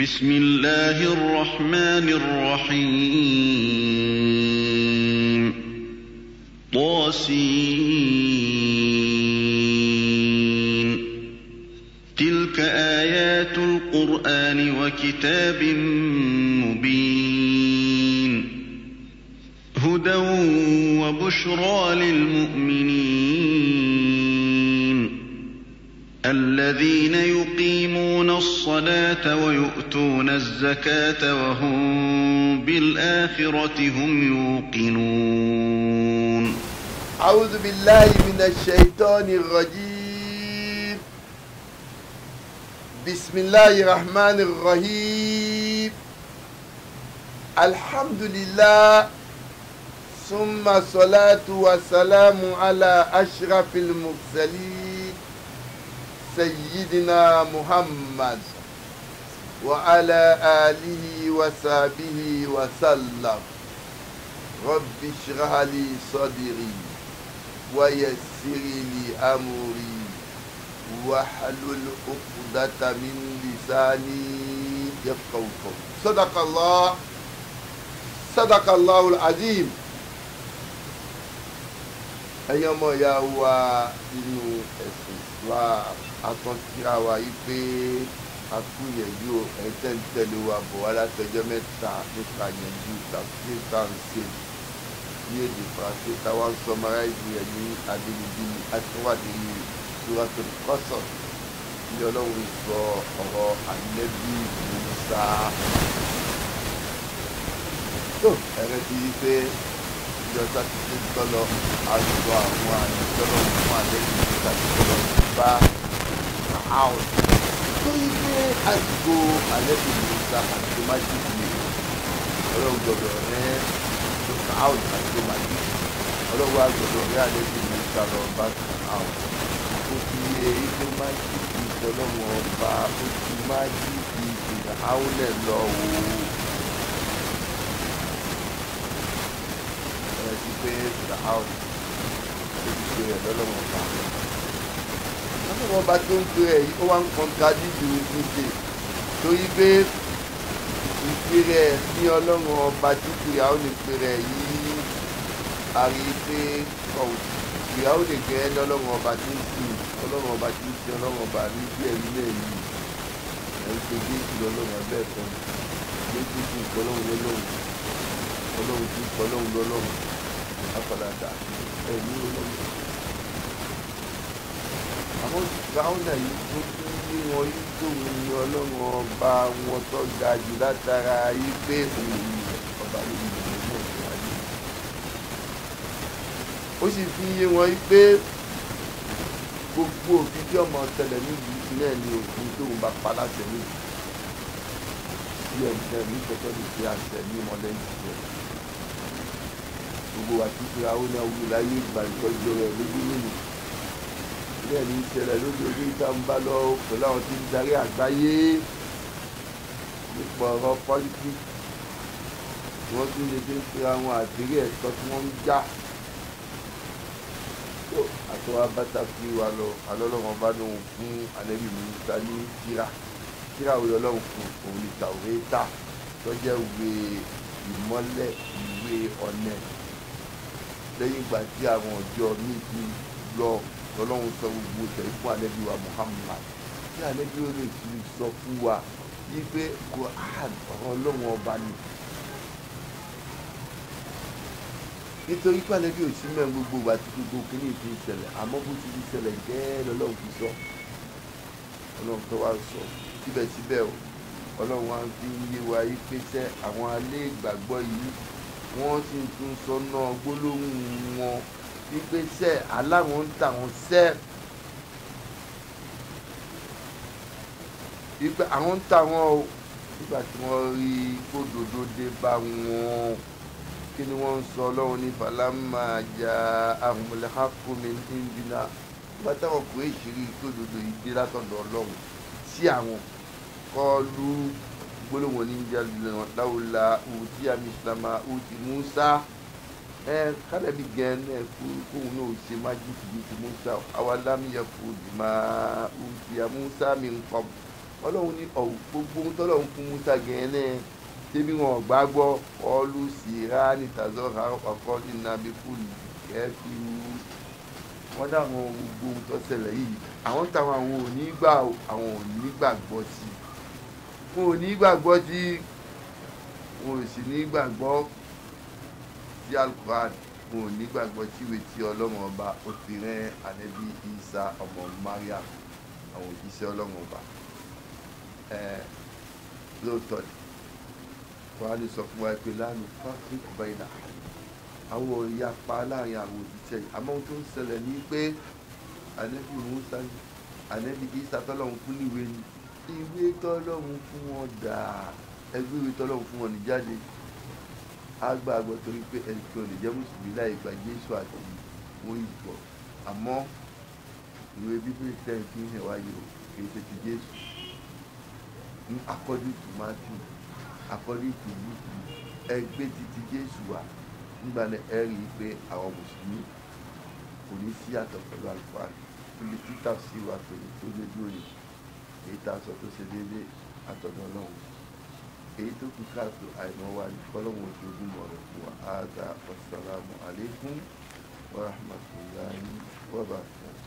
بسم الله الرحمن الرحيم طاسين تلك آيات القرآن وكتاب مبين هدى وبشرى للمؤمنين الذين يقيمون يقيمون الصلاة ويؤتون الزكاة وهم بالآخرة هم يوقنون أعوذ بالله من الشيطان الرجيم بسم الله الرحمن الرحيم الحمد لله ثم الصلاة والسلام على أشرف المرسلين سيدنا محمد وعلى آله وصحبه وسلم رب اشرح لي صدري ويسر لي أمري واحلل عقدة من لساني يفقه قولي صدق الله صدق الله العظيم ẹ̀yin ọmọ ìyá wa nínú ẹ̀sìn wa atọ́síra wa yìí pé akúyẹ̀jú ẹ̀ńtẹ́ńtẹ́lẹ̀ wa bọ̀ wá látọjọ́ mẹ́ta nípa yẹ̀jú tàbí tàǹsì ní èdè faransé táwa ń ìlú ẹ̀ ní àtiwádìí ní ìtura kọ́sọ̀ ní ọlọ́run sọ ọ̀rọ̀ ànẹ́bí Mùsá. tó ẹ̀rẹ́ ti rí pé ọjọ́ sátidé tó lọ àjọ àwọn àyàn tó lọ fún àlejò nígbà tó lọ bá àwọn nítorí pé àsìkò àlejò nígbà àti májèlé ọlọ́run gbọdọ̀ rẹ àwọn àti májèlé ọlọ́run àgbọ̀dọ̀ rẹ àlejò nígbà lọ bá àwọn ó fi èyí májèlé ìtọ́lọ́wọ́ bá ó fi májèlé ìgbà áwọlẹ̀ lọ wò pé fìràhàn tó ti gbé rẹ̀ lọ́lọ́wọ́n bá lọ́lọ́wọ́n bá tó ń gbé rẹ̀ yìí ó wá ń kọ́ńtà dídì méje torí pé ìgbé rẹ̀ ní ọlọ́run ọba tí fìràhàn lè gbé rẹ̀ yìí àrí pé fìràhàn lè gbé lọ́lọ́run ọba tí ń sìn ọlọ́run ọba tí ń sìn ọlọ́run ọba ní bí ẹ̀rí lè yí ẹ̀rí tó dé ìlú ọlọ́run abẹ́ ẹ̀kọ́ lójú ìpolówó lọ́lọ́run ọlọ́run ti ìpolówó lọ́lọ́run afọlàtà ẹ̀mí olóògbé. àwọn fáwọnà yìí tó tún bí wọn yìí tó wù ní ọlọ́run ọba wọn tó ga jù látara yìí pé òun yìí ọba yìí ló mọ̀ sí wáyé. ó sì fi yé wọn yìí pé gbogbo òbí tí ọmọ tẹlẹ níbi náà ni òfin tóun bá pa láṣẹ níbi bí ẹnìkan ní kẹkẹ lè fi àṣẹ ní mọlẹ́yìn ìṣẹ̀lẹ̀ gbogbo wa ti fi àwọn náà wù láyé ìgbàlùkọjọ rẹ lójú lónìí bẹ́ẹ̀ ni ìṣẹ̀lẹ̀ lójoojú ìta ń bá lọ pẹ̀lú àwọn tí ń darí àgbáyé nípa ọ̀rọ̀ pọ́lítì wọ́n tún lè dé síra wọn àdírí ẹ̀tọ́ tí wọ́n ń já tó àtọwá bàtà fi wà lọ alọ́lọ́wọ́n bá lóun fún alẹ́bí mi ta ní kíra kíra òye ọlọ́run fún òun lè ta òwe ta ìwé ìmọ́lẹ̀ ìwé ọ̀nẹ́ lẹ́yìn ìgbà tí àwọn ọjọ́ míì ti lọ lọ́lọ́run sọ gbogbo ìṣẹ̀lẹ̀ fún àlẹ́bí wa Muhammad tí àlẹ́bí ó lè fi sọ fún wa wípé Quran ọ̀rọ̀ ọlọ́run ọba ni nítorí pé àlẹ́bí ò sí mẹ́rin gbogbo wa ti gbogbo kí ní ìfi ìṣẹ̀lẹ̀ àmọ́ bó ti fi ìṣẹ̀lẹ̀ gẹ́ẹ́ lọ́lọ́run fi sọ ọlọ́run tó wá sọ síbẹ̀síbẹ̀ ọlọ́run wa fi ń yé wa yí pé sẹ́ àwọn alẹ́ ìgbàgbọ́ yìí wọ́n sì tún sọnà gbólóhùn wọn wípé sẹ́ aláwọn ń tà wọ́n sẹ́ wípé àwọn ń tà wọ́n o nígbà tí wọ́n rí gbódòdó dé bá wọn kí ni wọ́n ń sọ ọlọ́run ní falama ja ahùnmọ̀lẹ́ hákùnmí ndínà nígbà táwọn kò èṣìírí gbódòdó yìí dé látọ̀dọ̀ ọlọ́run sí àwọn kọlu gbólóhùn ní láwùlà ùdí àmìsílámà ùdí Musa ẹ kálẹ̀bí gẹ̀ẹ́n ẹ kú kóhun náà ṣe májíkì bíi ti Musa awalámiyà kú dìmá ùdí àmúsá mi nǹkan ọlọ́run ní gbogbo ohun tọ́lọ́run fún Musa gẹ̀ẹ́n náà tẹ́bí wọn ọ̀gbá gbọ́ ọlù síra nìtàzọ́ ra ọkọ nínú abẹ́kùn kẹ́ẹ́fì wọ́n dáhùn gbogbo ohun tó ṣẹlẹ̀ yìí àwọn táwọn àwọn ò ní gbà àwọn ò ní gbàgbọ́ sí i fún onígbàgbọ́ tí wọn ò sì nígbàgbọ́ tí alukuran wọn ò nígbàgbọ́ tí ìwé tí ọlọ́run ọba ó fi rán ànábì Isa ọmọ Maria àwọn òjíṣẹ́ ọlọ́run ọba lóòótọ́ ni kọ́hánì sọ fún wa pé lánàá patrick baina àwọn ìyapa láàrin àwọn òjíṣẹ́ yìí àmọ́ ohun tó ń ṣẹlẹ̀ ni pé ànábì Musa ànábì Isa tọ́lọ́run fún níwèé ni ìwé tọ́lọ́run fún wọn dà ẹgbẹ́ ìwé tọ́lọ́run fún wọn ní jáde agbàgbọ́ torí pé ẹnìkan lè jẹ́ mùsùlùmí láì gba Jésù àti orí ìgbọ̀ àmọ́ ìwé bíbélì tẹ́ẹ̀ fi hàn wáyé o kì í ṣe ti Jésù ní according to Matthew according to Luke ẹgbẹ́ ti ti Jésù wà nígbà náà ẹ rí i pé àwọn mùsùlùmí kò ní sí àtọ̀ pẹ̀lú àlùfáà kí lè títà sí wa pẹ̀lú tó lójú òyìnbó èyí tá a sọ tó ṣe déédéé àtọ̀dọ̀ ọlọ́run èyí tó kù káàtó àìmọ̀ wa ní kọ́lọ́mù ojoogun mọ̀rọ̀ fún wa áádá wassalamu alaikum wa rahmatullahi wa barakatuh.